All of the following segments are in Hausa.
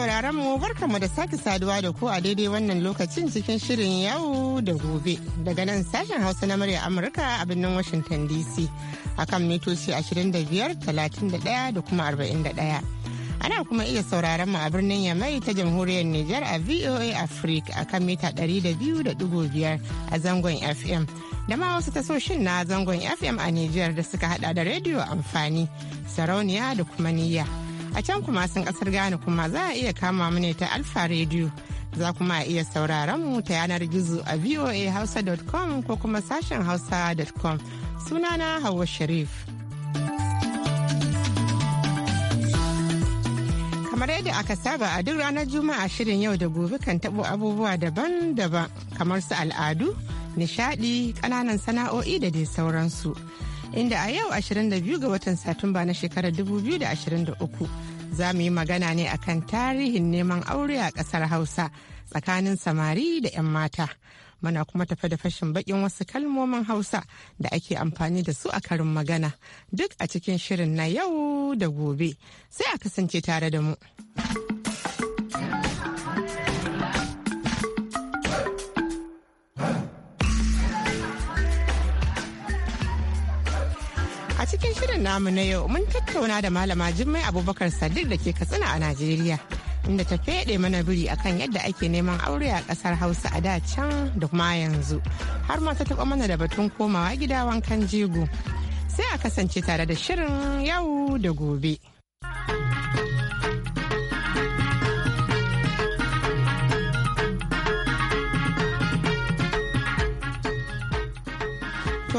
sauraron mu mu da sake saduwa da ku a daidai wannan lokacin cikin shirin yau da gobe daga nan sashen hausa na murya amurka a birnin washington dc akan mitoci 25,31 da kuma 41 ana kuma iya sauraron mu a birnin yamai ta jamhuriyar niger a voa africa akan mita 200.5 a zangon fm da ma wasu tasoshin na zangon fm a niger da suka hada da rediyo amfani sarauniya da kuma niyya A can kuma sun kasar Ghana kuma za a iya kama mune ta Alfa Radio. Za kuma a iya sauraron mu ta yanar gizo a voahausa.com ko kuma sashen hausa.com. Sunana hawa Sharif. kamar yadda aka saba a duk ranar juma'a shirin yau da gobe kan tabo abubuwa daban-daban kamar su al'adu nishadi kananan sana'o'i da dai sauransu inda a yau 22 ga watan Satumba na shekarar 2023 za mu yi magana ne akan tarihin neman aure a ƙasar Hausa tsakanin samari da 'yan mata. Muna kuma tafi da fashin bakin wasu kalmomin Hausa da ake amfani da su a karin magana duk a cikin shirin na yau da gobe. Sai a kasance tare da mu. A cikin shirin namu na yau mun tattauna da malama Jummai Abubakar Sadiq da ke Katsina a Najeriya. Inda ta fede mana biri akan yadda ake neman aure a kasar Hausa a da can da kuma yanzu. Har ma ta taɓa mana da batun komawa gida wankan jego. Sai a kasance tare da shirin yau da gobe.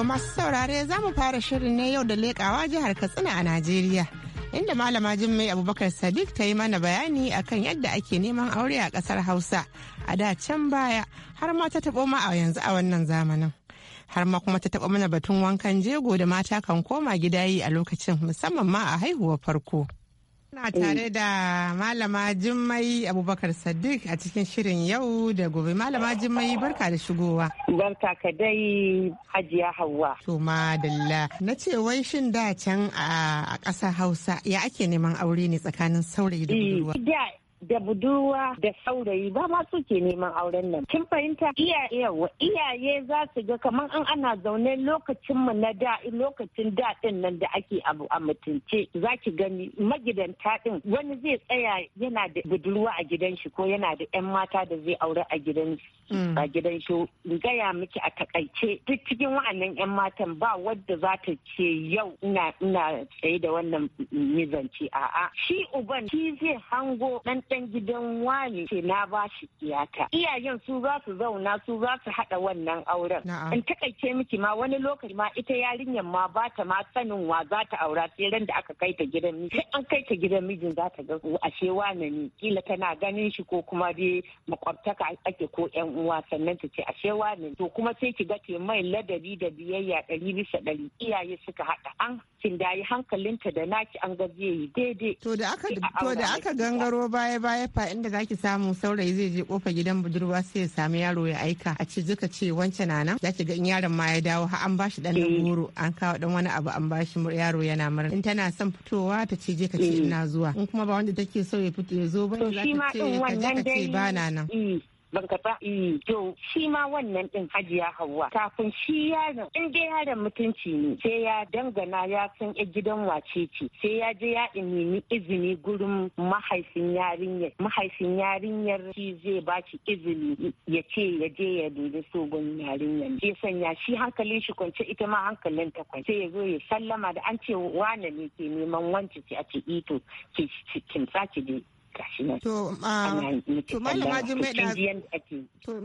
To masu saurare za mu fara shirin ne yau da lekawa jihar Katsina a Najeriya. Inda malama Jummai Abubakar Sadiq ta yi mana bayani akan yadda ake neman aure a ƙasar Hausa a da can baya har ma ta taɓo ma a yanzu a wannan zamanin. Har ma kuma ta taɓo mana batun wankan jego da mata kan koma gida yi a lokacin musamman ma a haihuwar farko. Na tare da Malama Jummai Abubakar Sadiq a cikin shirin yau da gobe. Malama Jummai barka da shigowa. Barka ka dai Hajiya Hauwa. To madalla. Na ce wai shin da can a ƙasar Hausa ya ake neman aure ne tsakanin saurayi da eh, budurwa. da budurwa da saurayi ba ma suke neman auren nan kin fahimta iyaye wa iyaye za su ga kamar an ana zaune lokacin mu na da lokacin da din nan da ake abu a mutunce ki gani magidanta din wani zai tsaya yana da budurwa a gidan shi ko yana da yan mata da zai aure a gidan mm. a gidan shi gaya miki a takaice duk cikin wa'annan yan matan ba wadda za ta ce yau ina ina tsaye da wannan mizanci a'a shi uban shi zai hango dan dan gidan wani ce na ba shi iyata iyayen su za su zauna su za su haɗa wannan auren in takaice miki ma wani lokaci ma ita yarinyar ma ba ta ma sanin wa za ta aura sai ran da aka kai ta gidan miji sai an kai ta gidan mijin za ta ga ashe wani ne kila tana ganin shi ko kuma dai makwabtaka ake ko yan uwa sannan ta ce ashe wani to kuma sai ki ga ke mai ladabi da biyayya dari bisa dari iyaye suka hada an cin hankalinta da naki an ga yi daidai to da aka gangaro baya baya fa inda zaki samu saurayi zai je kofa gidan budurwa sai ya sami yaro ya aika a ce zuka ce wancan na nan zaki ga in yaron ma ya dawo har an bashi dan eh. goro an kawo dan wani abu an bashi yaro yana murna in tana son fitowa ta ce je ka ce eh. ina zuwa in kuma ba wanda take so ya fito ya zo ba za ta ce ka je ka ce ba na nan eh. ba. to shi ma wannan din hajiya Hauwa. kafin shi yaron in dai yaron mutunci ne sai ya dangana ya san ya gidan wace ce sai ya je ya nemi izini gurin mahaifin yarinyar mahaifin yarinyar shi zai ba ki izini ya ce ya je ya dubi sogon yarinyar Ya sanya shi hankalin shi kwance ita ma hankalin ta kwance ya zo ya sallama da an ce wane ne ke neman wance ce a ce ito ki sake dai gashi nan. To,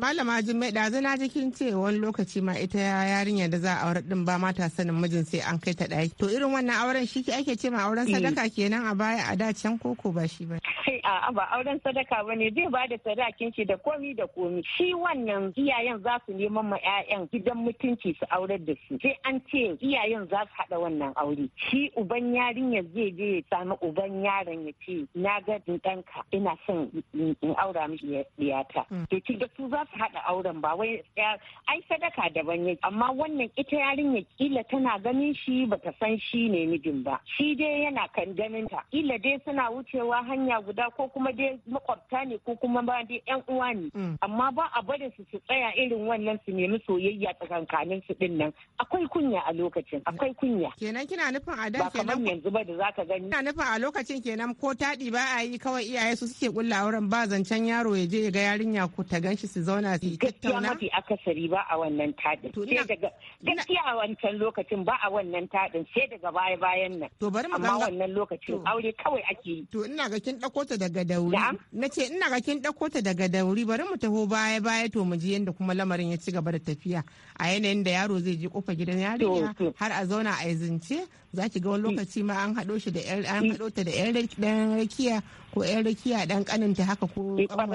malama Jummai zana jikin ce wani lokaci ma ita yarinya da za a aurar din ba mata sanin mijin sai an kai ta ɗaki. To irin wannan auren shi ake ce ma auren sadaka mm. kenan a baya a da can koko ba shi ba. A'a ba auren sadaka ba ne zai ba da sadakin shi da komi da komi. Shi wannan iyayen za su neman ma 'ya'yan gidan mutunci su aurar da su. Sai an ce iyayen za su haɗa wannan aure. Shi uban yarinya zai je ya sami uban yaron ya ce na ga ɗanka ina son in aura mishi diyata mm. to kin da su za su haɗa auren ba wai ai sadaka daban yake amma wannan ita yarinya kila tana ganin shi bata san shi ne mijin ba shi dai yana kan ganin ta kila dai suna wucewa hanya guda ko kuma dai makwabta ne ko kuma ba dai yan uwa ne mm. amma ba a barin su su tsaya irin wannan su nemi soyayya tsakankanin su din nan akwai kunya a lokacin akwai kunya kenan kina nufin a da kenan yanzu ba da za ka gani kina nufin a lokacin kenan ko taɗi ba a yi kawai iyaye su suke kulla auren ba zancen yaro ya je ya ga yarinya ko ta ganshi su zauna su tattauna. Gaskiya mafi akasari ba a wannan taɗin. Sai daga gaskiya a wancan lokacin ba a wannan taɗin sai daga baya bayan nan. To bari mu Amma wannan lokacin aure kawai ake yi. To ina ga kin dako ta daga dauri. Na ce ina ga kin dako ta daga dauri bari mu taho baya baya to mu ji yadda kuma lamarin ya ci gaba da tafiya a yanayin da yaro zai je kofa gidan yarinya har a zauna a yi zance za ki ga wani mm. lokaci ma an haɗo shi da an mm. haɗo ta da ɗan rakiya ko yan rakiya ɗan kaninta haka eh,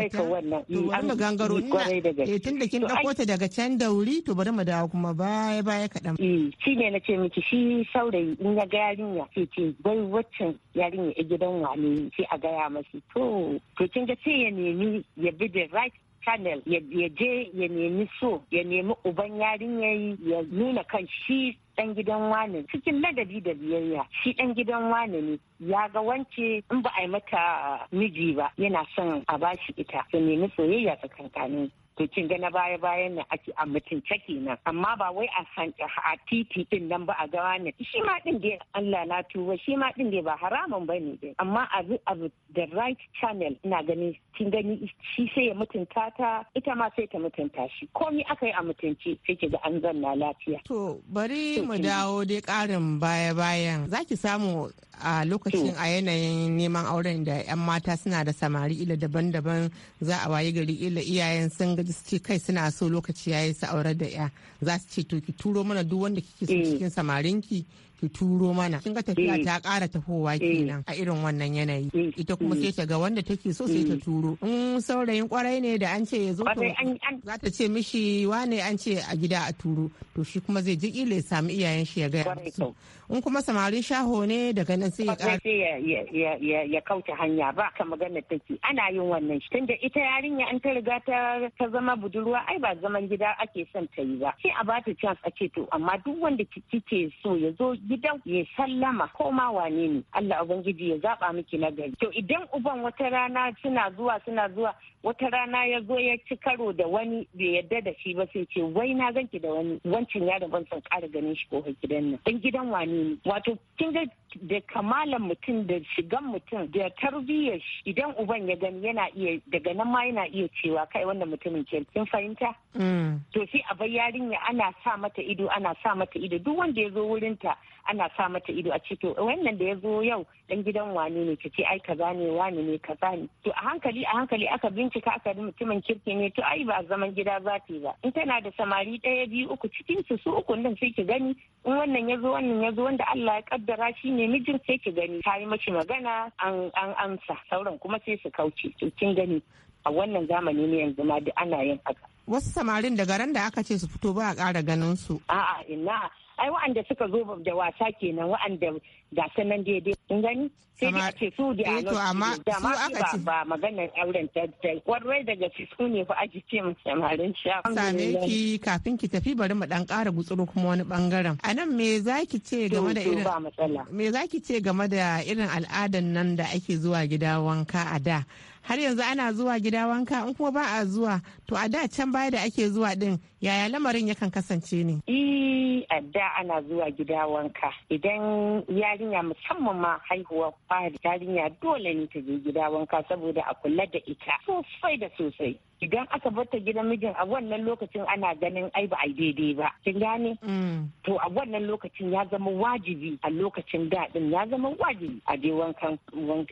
ko wannan to mm, gangaro ina eh, tun da kin ɗauko ta daga can da wuri to bari mu dawo kuma baya baya kaɗan. shi ne na ce miki shi saurayi in ya ga yarinya ce ce bai waccan yarinya a gidan wani sai a gaya masu to to kin ga sai ya nemi ya bi da right channel ya je ya nemi so ya nemi uban yarinya ya nuna kan shi dan gidan wane cikin ladabi da biyayya shi dan gidan wane ne ya ga wance in ba a yi mata miji ba yana son a bashi ita ya nemi soyayya tsakankanin to cin ga na baya bayan nan ake a mutunce kenan amma ba wai a a titi din nan ba a gawa ne shi ma din dai Allah na tuba shi ma din dai ba haramun bane dai amma a abu the right channel ina gani kin gani shi sai ya mutunta ta ita ma sai ta mutunta shi komai aka yi a mutunci sai ki ga an zanna lafiya to bari mu dawo dai karin baya bayan zaki samu a lokacin a yanayin neman auren da 'yan mata suna da samari ila daban-daban za a waye gari ila iyayen sun gaji su ce kai suna so lokaci ya yi su aure da ya za su ce to ki turo mana duk wanda kike so eh. cikin samarinki ki turo mana kin ga tafiya eh. ta ƙara tafowa eh. kenan a irin wannan yanayi eh. ita kuma sai ta ga wanda take so sai ta turo in saurayin kwarai ne da an ce ya zo to za ta ce mishi wane an ce a gida a turo to shi kuma zai ji ile ya samu iyayen shi ya gaya in kuma samarin shaho ne daga nan sai ya ƙara ya kauce hanya ba ka magana take ana yin wannan shi tunda ita yarinya an ta riga ta zama budurwa ai ba zaman gida ake son ta yi ba sai a bata chance a ce to amma duk wanda kike so ya zo gidan ya sallama ko ma wane ne Allah ubangiji ya zaba miki nagari. to idan uban wata rana suna zuwa suna zuwa wata rana ya zo ya ci karo da wani bai yadda da shi ba sai ce wai na ganki da wani wancan yaron ban san ƙara ganin shi ko gidan nan dan gidan wani ne wato kin ga da kamalan mutum da shigan mutum da tarbiyyar shi idan uban ya gani yana iya daga nan ma yana iya cewa kai wannan mutumin ke kin fahimta mm. to sai a bar yarinya ana sa mata ido ana sa mata ido duk wanda ya zo wurin ta ana sa mata ido a ce to wannan da ya zo yau dan gidan wani ne ta ce ai kaza ne wani ne kaza ne to a hankali a hankali aka bin bincika aka mutumin kirki ne to ai ba zaman gida za ta yi ba in tana da samari ɗaya biyu uku cikin su su uku din sai ki gani in wannan ya zo wannan ya zo wanda Allah ya kaddara shi ne mijin sai ki gani ta yi mashi magana an amsa sauran kuma sai su kauce to kin gani a wannan zamani ne yanzu ma duk ana yin haka wasu samarin daga ran da aka ce su fito ba a ƙara ganin su a'a ina ai wa'anda suka zo da wasa kenan wa'anda ga sanan daidai kun gani sai dai ake su da ano da ma ba ba maganar auren ta kwarai daga ci su ne fa aji ce mu samarin sha same ki kafin ki tafi bari mu dan ƙara gutsuro kuma wani bangaren anan me zaki ce game da irin me zaki ce game da irin al'adan nan da ake zuwa gida wanka a da har yanzu ana zuwa gida wanka in kuma ba a zuwa to a da can baya da ake zuwa din yaya lamarin yakan kasance ne eh a da ana zuwa gida wanka idan yarinya musamman ma haihuwa fari yarinya dole ne ta je gida wanka saboda a kula da ita sosai da sosai idan aka bata gidan mijin a wannan lokacin ana ganin ai ba ai daidai ba kin gane mm. to a wannan lokacin ya zama wajibi a lokacin da din ya zama wajibi a je wankan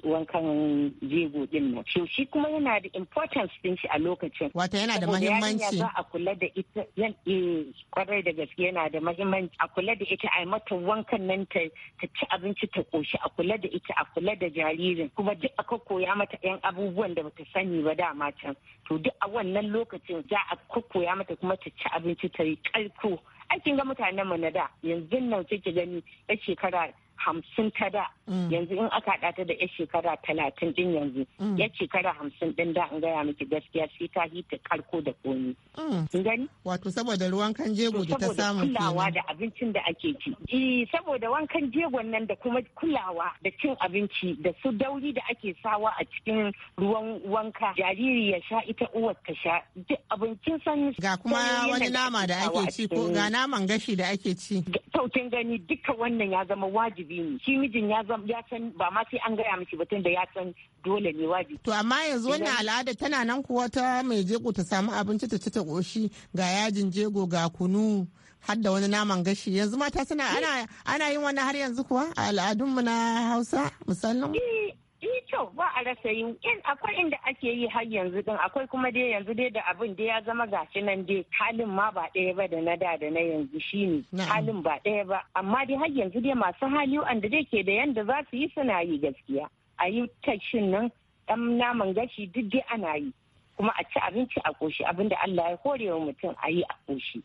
wankan jego din nan to shi kuma yana da importance din shi a lokacin wata yana da mahimmanci za a kula da ita yan eh, kwarai da gaske yana da mahimmanci a kula da ita a mata wankan nan ta ci abinci ta koshi a kula da ita a kula da jaririn kuma duk aka koya mata yan abubuwan da bata sani ba dama can to duk a wannan lokacin za a koya mata kuma ta ci abinci ta yi karko aikin ga mutanen mu na da yanzu nan kike gani ya shekara hamsin ta da mm. yanzu in aka haɗa ta da ya shekara talatin din yanzu ya mm. shekara hamsin din da in gaya miki gaskiya sai ta yi ta karko da komi. Mm. gani? Wato saboda ruwan kan jego da ta samu kenan. kulawa da abincin da ake ci. Eh saboda wankan jegon nan da kuma kulawa da cin abinci da su dauri da ake sawa a cikin ruwan wanka jariri ya sha ita uwar ta sha duk abincin san. Ga kuma wani nama da ake ci ko ga naman gashi da ake ci. Sautin gani duka wannan ya zama wajibi wajibi ne shi mijin ya ya san ba ma sai an gaya miki batun da ya san dole ne wajibi to amma yanzu wannan al'ada tana nan kuwa ta mai jego ta samu abinci ta ci ta koshi ga yajin jego ga kunu har da wani naman gashi yanzu mata suna ana ana yin wani har yanzu kuwa a al'adunmu na Hausa musallin eh, Eh, kyau ba a rasa yi in akwai inda ake yi har yanzu din akwai kuma dai yanzu dai da abin da ya zama gashi nan dai halin ma ba ɗaya ba da na da da na yanzu shine halin ba ɗaya ba amma dai har yanzu dai masu hali wanda dai ke da yanda za su yi suna yi gaskiya a yi tashin nan ɗan naman gashi duk dai ana yi kuma a ci abinci a koshi abinda Allah ya kore wa mutum a yi a koshi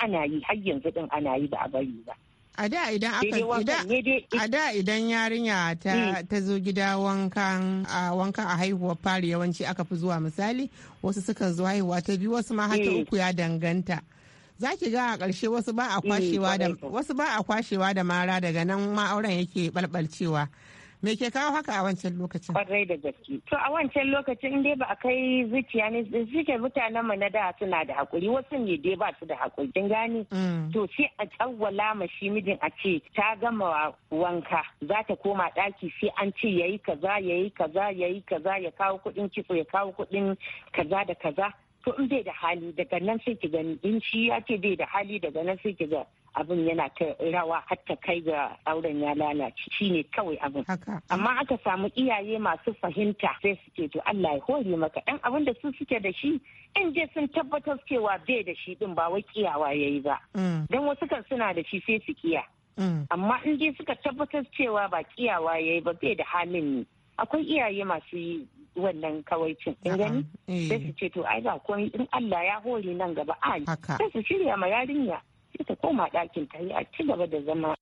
ana yi har yanzu din ana yi ba a bari ba A da idan a yarinya hmm. ta zo gida wankan a wankan a haihuwar fari yawanci aka fi zuwa misali wasu sukan zo haihuwa ta biyu wasu ma hata hmm. uku ya danganta. Za ki ga a ƙarshe wasu ba a hmm, kwashewa da mara daga nan ma auren yake balbalcewa. Me ke kawo haka a wancan lokacin? Kwarai da gaske. To a wancan lokacin in dai ba a kai zuciya ne suke mutanen mu na da suna da hakuri wasu ne dai ba su da hakuri kin gane? Mm. To sai a tsawwala ma shi mijin a ce ta gama wanka za ta koma ɗaki sai an ce yayi kaza yayi kaza yayi kaza ya kawo kuɗin kitso ya kawo kuɗin kaza da kaza. to in bai da hali daga nan sai ki gani in shi ya ce bai da hali daga nan sai ki ga abin yana ta rawa har ta kai ga auren ya lalace shi ne kawai abin amma aka samu iyaye masu fahimta sai suke to Allah ya hore maka dan abin da su suke da shi in je sun tabbatar cewa bai da shi din ba wai kiyawa yayi ba mm. dan wasu kan suna da shi sai su kiya mm. amma in je suka tabbatar cewa ba kiyawa yayi ba bai da halin ne akwai iyaye masu wannan kawaicin in gani eh. sai su ce to ai ba komai in Allah ya hore nan gaba ai sai su shirya ma yarinya sai ta koma ɗakin ta yi a ci gaba da zama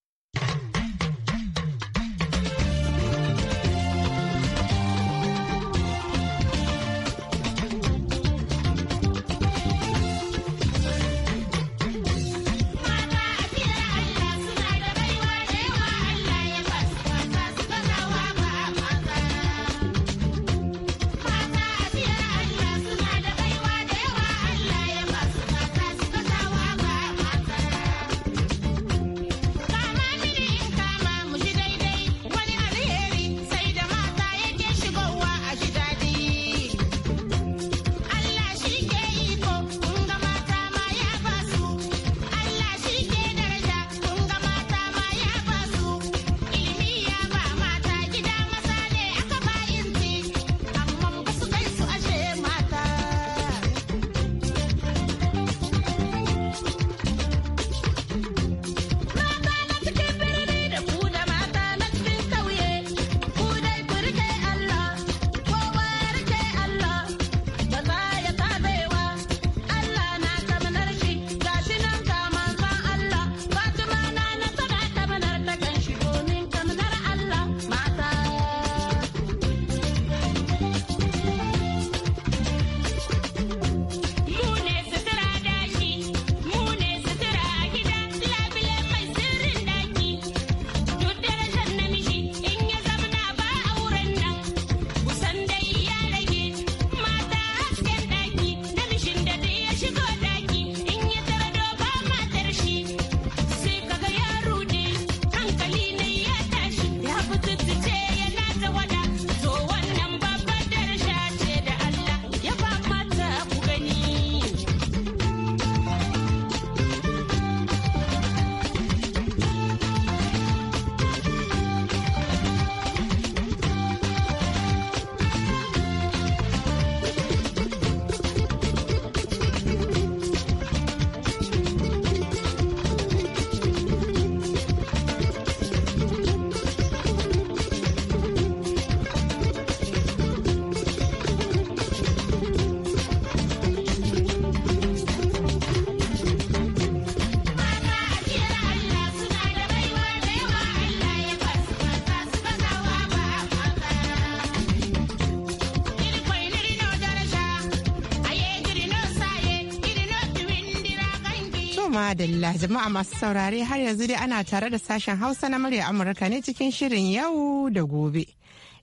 madalla jama'a masu saurare har yanzu dai ana tare da sashen hausa na murya amurka ne cikin shirin yau da gobe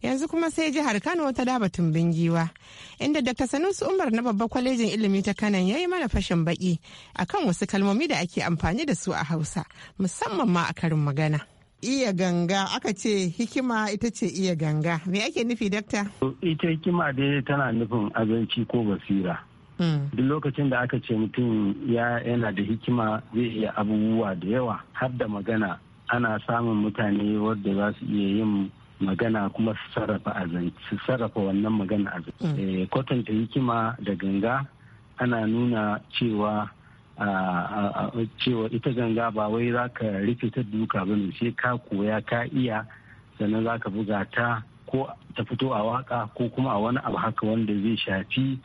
yanzu kuma sai jihar kano ta daba tumbin giwa inda dr sanusi umar na babbar kwalejin ilimi ta kano yayi mana fashin baki akan wasu kalmomi da ake amfani da su a hausa musamman ma a karin magana iya ganga aka ce hikima ita ce iya ganga me ake nufi dakta ita hikima dai tana nufin azanci ko basira duk lokacin da aka ce mutum ya yana da hikima zai iya abubuwa da yawa har da magana ana samun mutane wadda za su iya yin magana kuma su sarrafa a su sarrafa wannan magana a mm. eh, kwatanta hikima da ganga ana nuna cewa cewa ita ganga ba wai za ka rufe ta duka ba ne sai ka koya ka iya sannan za ka buga ta ko ta fito a waka ko kuma a wani abu haka wanda zai shafi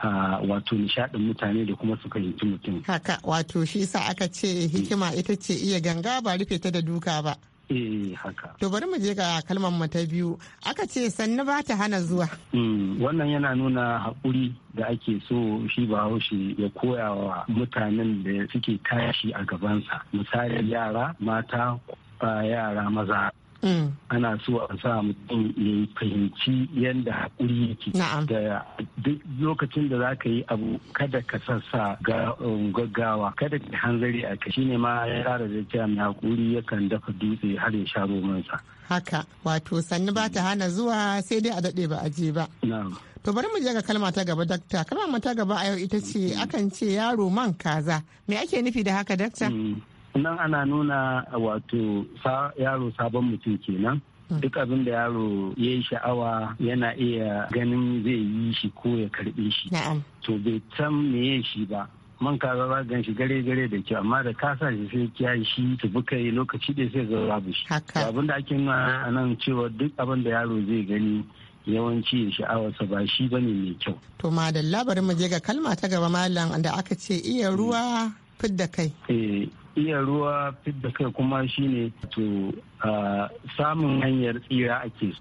wato nishadin mutane da kuma su fahimci mutum. Haka wato shi sa aka ce hikima ita ce iya ganga ba rufe ta da duka ba. Eh haka. To bari mu je ga kalmar mu ta biyu. Aka ce sannu ba ta hana zuwa. Hmm, wannan yana nuna haƙuri da ake so shi ba haushi ya koya wa mutanen da suke tashi a gabansa. Misali yara mata yara maza. Mm. ana so a sa mutum ya fahimci yadda haƙuri yake da duk lokacin da za ka yi abu kada ka sassa um, gaggawa kada ka hanzari a ka shine ma ya kara da cewa mai haƙuri yakan dafa dutse har ya sha romansa haka wato sannu ba ta hana zuwa sai dai a daɗe ba a je ba to bari mu je ga kalma ta gaba dakta kalma ta gaba a yau ita ce mm. akan ce yaro man kaza me ake nufi da haka dakta mm. nan ana nuna wato yaro sabon mutum kenan hmm. duk abin da yaro ya yi sha'awa yana iya ganin zai yi shi ko ya karbe shi to bai san ya shi ba man ka za gan shi gare gare da kyau amma da ka sa shi sai kiya shi tubi kai lokaci da sai ga babu shi abin da ake nuna a nan cewa duk abin da yaro zai gani yawanci ya sa ba shi ba ne mai kyau to ma da labarin mu je ga kalma ta gaba malam da aka ce iya ruwa fidda kai eh, iya ruwa fidda kai kuma shine to samun hanyar tsira ake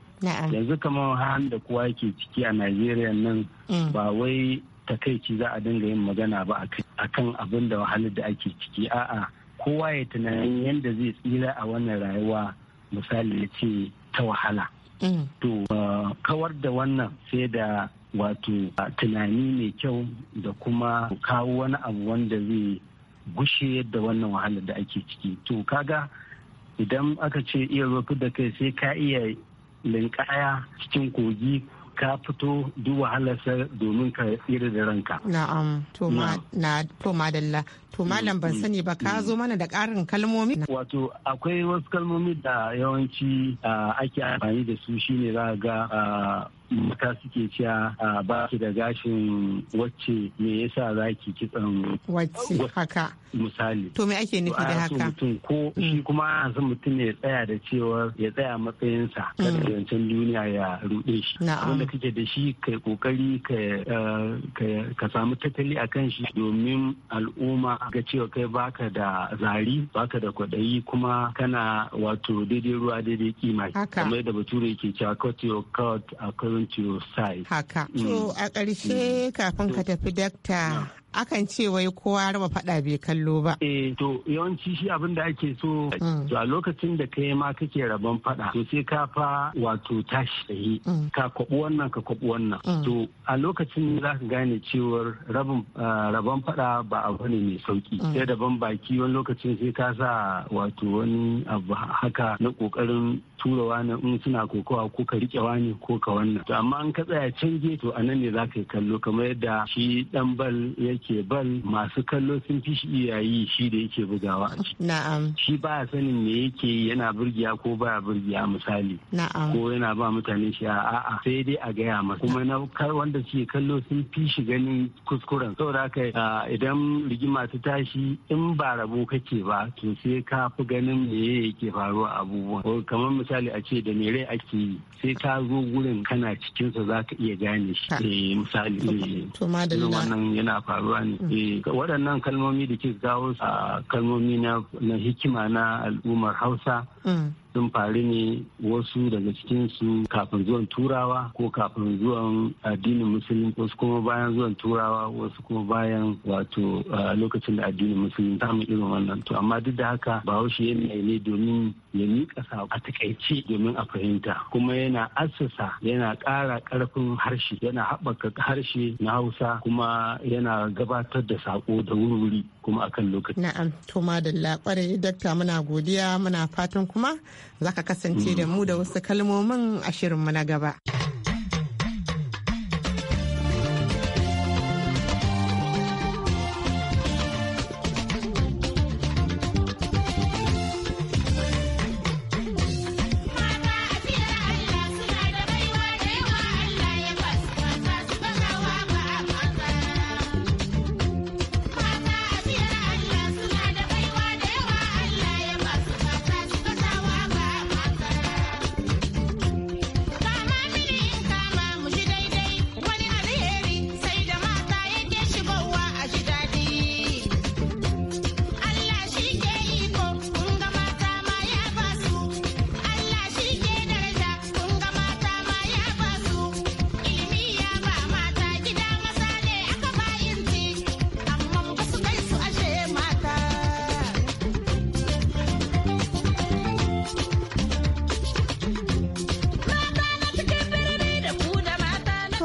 yanzu kamar hannun da kowa yake ciki a najeriya nan mm. ba wai takaici za a dinga yin magana ba a kan abin da wahalar da ake ciki a'a kowa ya tunanin yadda zai tsira a wannan rayuwa misali ya ce ta wahala mm. to kawar da wannan sai da wato tunani mai kyau da kuma kawo wani abu wanda zai gushe yadda wannan wahalar da ake ciki to kaga idan aka ce iya zofi da kai sai ka iya linkaya cikin kogi ka fito duk wahalarsa domin ka tsira da ranka. Na'am, to ma dalla to malam ban sani ba ka zo mana da ƙarin kalmomi. Wato akwai wasu kalmomi da yawanci ake amfani da su shine za ga mata suke cewa ba su da gashin wacce me yasa za ki kitsan wacce haka misali to me ake nufi da haka ko shi mm. kuma a son mutum ya tsaya da cewa ya tsaya matsayinsa da yancin mm. duniya ya rude shi wanda kake da shi kai kokari ka samu tattali a kan shi domin al'umma ga cewa kai baka da zari baka da kwaɗayi kuma kana wato daidai ruwa daidai kima kamar da bature ke cewa cut your cut according to your size haka mm. to a ƙarshe mm. kafin ka tafi dakta akan ce wai kowa raba fada bai kallo ba. Eh to yawanci shi abin da ake so mm. to a lokacin da kai ma kake rabon fada to sai ka fa wato tashi tsaye mm. ka kwabi wannan ka kwabi wannan. Mm. To a lokacin za ka gane cewar rabin ah, rabon fada ba abu ne mai sauki. Sai da ban baki wani lokacin sai ka sa wato wani abu haka na kokarin tura na in suna kokawa ko ka rike wani ko ka wannan. To amma in ka tsaya can to a nan ne za ka yi kallo kamar yadda shi dan bal ya. yake bal masu kallo sun fi shi iyayi shi da yake bugawa a ciki na'am shi ba sanin me yake yana burgiya ko baya burgiya misali na'am ko yana ba mutane shi a'a sai dai a gaya masa kuma na wanda suke kallo sun fi shi ganin kuskuren saboda haka idan rigima ta tashi in ba rabo kake ba to sai ka fi ganin me yake faruwa abubuwan kamar misali a ce da rai ake yi sai ka zo gurin kana cikinsa za ka iya gane shi eh, misali wannan yana faruwa Mm. eh waɗannan kalmomi da ke kawo kalmomi na hikima na al'ummar Hausa mm. sun faru ne wasu daga cikinsu kafin zuwan turawa ko kafin zuwan addinin musulun wasu kuma bayan zuwan turawa wasu kuma bayan wato lokacin da addinin musulun mu irin wannan to amma duk da haka bahaushe yana ne domin ya miƙa sa a takaice domin a fahimta kuma yana assasa yana ƙara ƙarfin harshe yana haɓaka harshe na hausa kuma yana gabatar da sako da wurwuri kuma akan lokaci. Na'am, to madalla ƙwarai dakta muna godiya muna fatan kuma za ka kasance da mu da wasu kalmomin a shirinmu na gaba.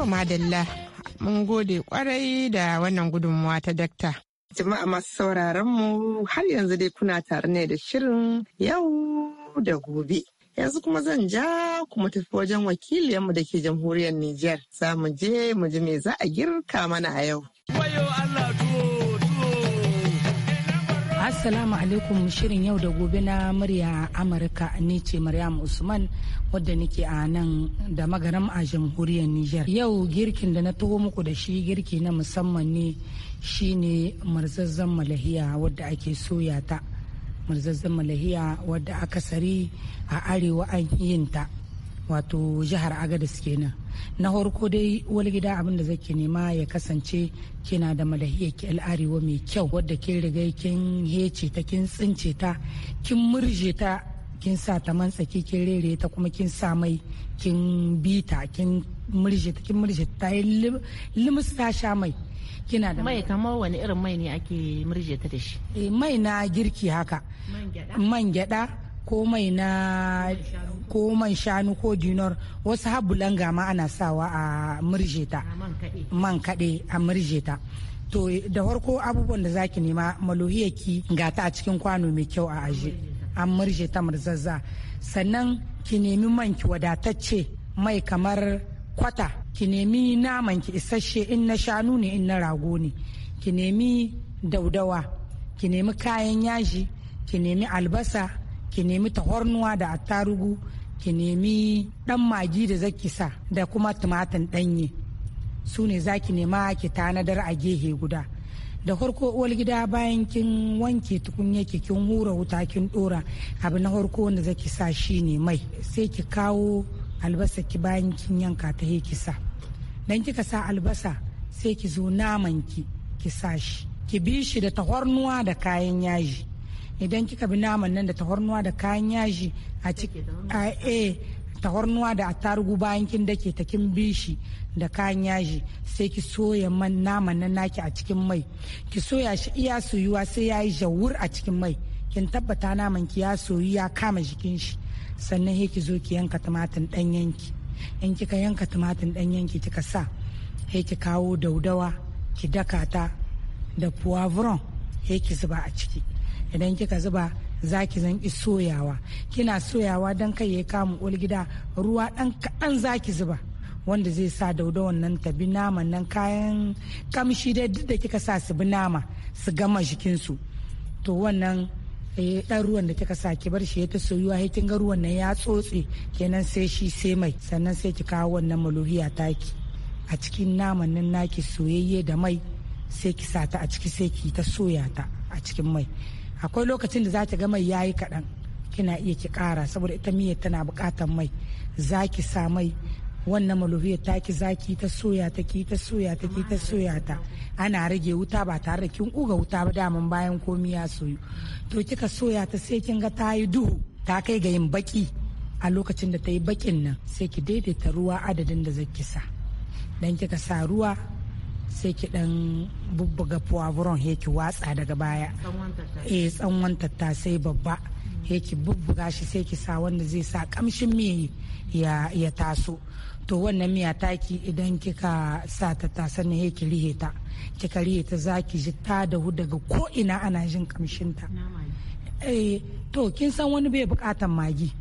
madalla mun gode kwarai da wannan gudunmuwa ta dakta. Jama'a masu sauraron mu har yanzu dai kuna tare ne da shirin yau da gobe. Yanzu kuma zan ja kuma tafi wajen wakiliyanmu da ke jamhuriyar Nijar. Za mu je mu ji me za a girka mana a yau. Allah Assalamu alaikum shirin yau da gobe na murya Amurka ni ce Maryam Usman wadda nake a nan da magaram a jamhuriyar Nijar. Yau girkin da na taho muku da shi girki na musamman ne shine marzazzan malahiya wadda ake soya ta. Marzazzan malahiya wadda sari a arewa an yinta wato jihar Agadis kenan. na farko dai wani gida abin da zake nema ya kasance kina da malahiyar ki al'arewa mai kyau wadda kin riga kin hece ta kin tsince ta kin murje ta kin sa ta man tsaki kin rere ta kuma kin sa mai kin bita kin murje ta kin murje ta yi limus ta sha mai kina da mai kamar wani irin mai ne ake murje ta da shi eh, mai na girki haka man gyada ko na shanu ko dinar wasu habulan gama ana sawa a murjeta man kaɗe a murjeta to da farko abubuwan da zaki nema malohiyaki ga ta a cikin kwano mai kyau a aje an murje ta murzazza sannan ki nemi man ki wadatacce mai kamar kwata ki nemi naman ki isasshe in na shanu ne in na rago ne ki nemi daudawa ki nemi kayan yaji ki nemi albasa ki nemi tahornuwa da attarugu ki nemi dan magi da zaki sa da kuma tumatin danye su ne za ki nema ki tanadar a gehe guda da farko uwar gida bayan kin wanke tukunya ki kin hura wuta kin dora abu na farko wanda zaki sa ne mai sai ki kawo albasa ki bayan kin yanka ta he ki sa dan kika sa albasa sai ki zo naman ki ki sa shi ki bi shi da tahornuwa da kayan yaji idan kika bi naman nan da tahornuwa da kayan yaji a cikin eh, tahornuwa da attarugu bayan kin dake ta kin bishi da kayan yaji sai ki soya man naman nan naki a cikin mai ki soya shi iya soyuwa sai ya yi jawur a cikin mai kin tabbata naman ki ya soyu ya kama jikin shi sannan he ki zo ki yanka tumatir ɗanyen ki in kika yanka tumatir ɗanyen ki kika sa he ki kawo daudawa ki daka ta da puwavron he ki zuba a ciki idan kika zuba zaki ki zan ki soyawa kina soyawa don kai ya kama gida ruwa ɗan kaɗan za zuba wanda zai sa Dauda wannan ta bi naman nan kayan kamshi dai duk da kika sa su bi nama su gama jikinsu to wannan eh, ɗan ruwan da kika sa ki bar shi ya ta soyuwa ya kin ga ruwan nan ya tsotse kenan sai shi sai mai sannan sai ki kawo wannan maluhiya taki a cikin naman nan naki soyayye da mai sai ki sa ta a ciki sai ki ta soya ta a cikin mai akwai lokacin da za ta ga mai yayi kaɗan kina iya ki ƙara saboda ita miyar tana buƙatar mai za ki sa mai wannan ta ki taki zaki ta soya ta ki ta soya ta ki ta soya ta ana rage wuta ba tare da kin kuga wuta ba daman bayan komi ya soyu to kika soya ta sai kin ga ta yi duhu ta kai ga yin baki a lokacin da ta yi bakin nan sai ki daidaita ruwa adadin da zaki sa dan kika sa ruwa sai ki dan bubbuga puwavuron he ki watsa daga baya eh tsawon tattasai babba he ki bubbuga shi sai ki sa wanda zai sa kamshin miya ya, ya taso to wannan miya taki idan kika sa tattasan ne he ki rihe ta kika rihe ta za ji ta dahu daga ko ina ana jin kamshin ta eh to kin san wani bai bukatan magi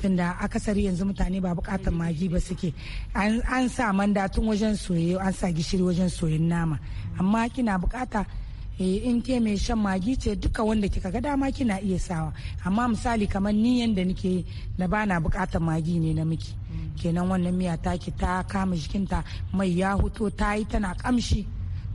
tunda akasari yanzu mutane ba bukatan magi ba suke an sa manda tun wajen soye an sa gishiri wajen soyin nama amma kina bukata eh, in ke mai shan magi ce duka wanda kika ga dama kina iya sawa amma misali kamar ni yanda nike na bana bukatan magi ne na miki kenan wannan miya ta taki ta kama jikinta mai ya huto ta yi tana kamshi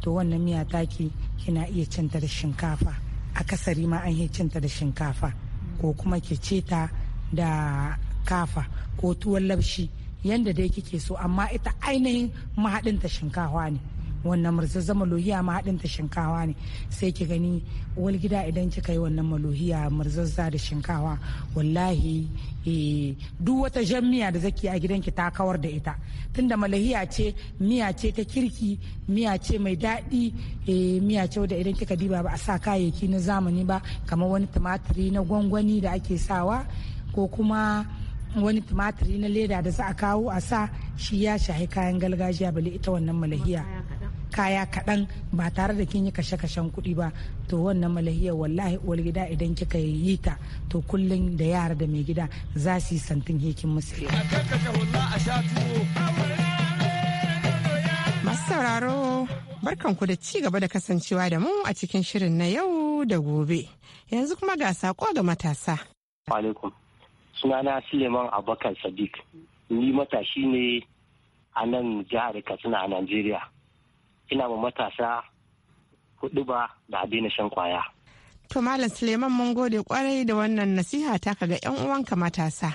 to wannan miya taki kina iya cinta da shinkafa akasari ma an yi cinta da shinkafa ko kuma ke ce ta da kafa ko tuwon labshi yadda dai kike so amma ita ainihin mahaɗinta shinkawa ne wannan murzaza malohiya ta shinkawa ne sai ki gani wal gida idan kika yi wannan malohiya murzazza da shinkawa wallahi eh, duk wata jan miya da zaki a gidanki ta kawar da ita tunda malahiya ce miya ce ta kirki miya ce mai daɗi eh, miya ce da idan kika diba ba a sa kayayyaki na zamani ba kamar wani tumatiri na gwangwani da ake sawa ko kuma wani tumatiri na leda da za a kawo a sa shi ya shahi kayan galgajiya bale ita wannan malahiya kaya kaɗan ba tare da kin yi kashe-kashen kuɗi ba to wannan malahiya wallahi uwar gida idan kika yi ta to kullum da yara da mai gida za su yi santin hekin musu masu sauraro barkan ku da ci gaba da kasancewa da mu a cikin shirin na yau da gobe yanzu kuma ga sako ga matasa alaikum sunana suleiman abubakar sadiq ni matashi ne a nan jihar katsina a najeriya ina ma matasa hudu ba da a shan kwaya to malam suleiman mun gode kwarai da wannan nasiha ta ga yan uwanka matasa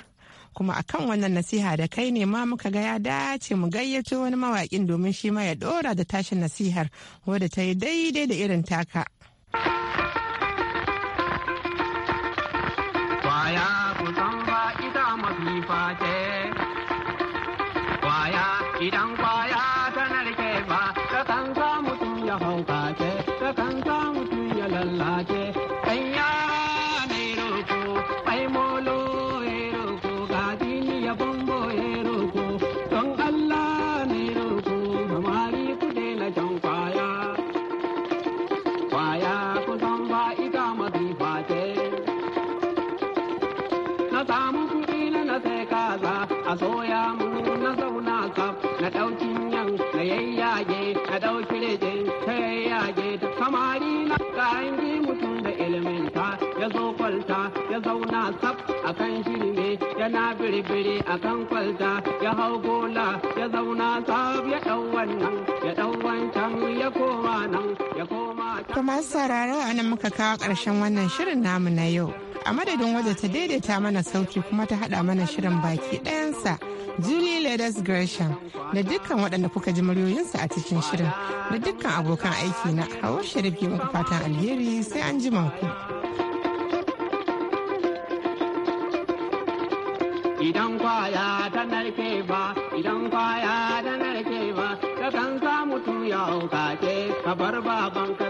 kuma akan wannan nasiha da kai ne ma muka ga ya dace mu gayyato wani mawaƙin domin shi ma ya dora da tashin nasihar wadda ta yi daidai da irin taka a soya mu na zauna kaf na ɗaukin yan na yayyage na ɗauki rege ta yayyage ta samari na kayan mutum da elementa ya zo kwalta ya zauna sab a kan shirme yana birbiri a kan kwalta ya hau gola ya zauna sab ya dau wannan ya dau wancan ya koma nan ya koma. Kuma sauraro a nan muka kawo ƙarshen wannan shirin namu na yau. a madadin wadda ta daidaita mana sauki kuma ta hada mana shirin baki ɗayansa julie ledes gresham da dukkan waɗanda kuka ji muryoyinsa a cikin shirin da dukkan abokan aiki na hawa sharif ke muku fatan alheri sai an ji ku. idan kwaya ta narke ba idan kwaya ta narke ba kan samu ka bar babanka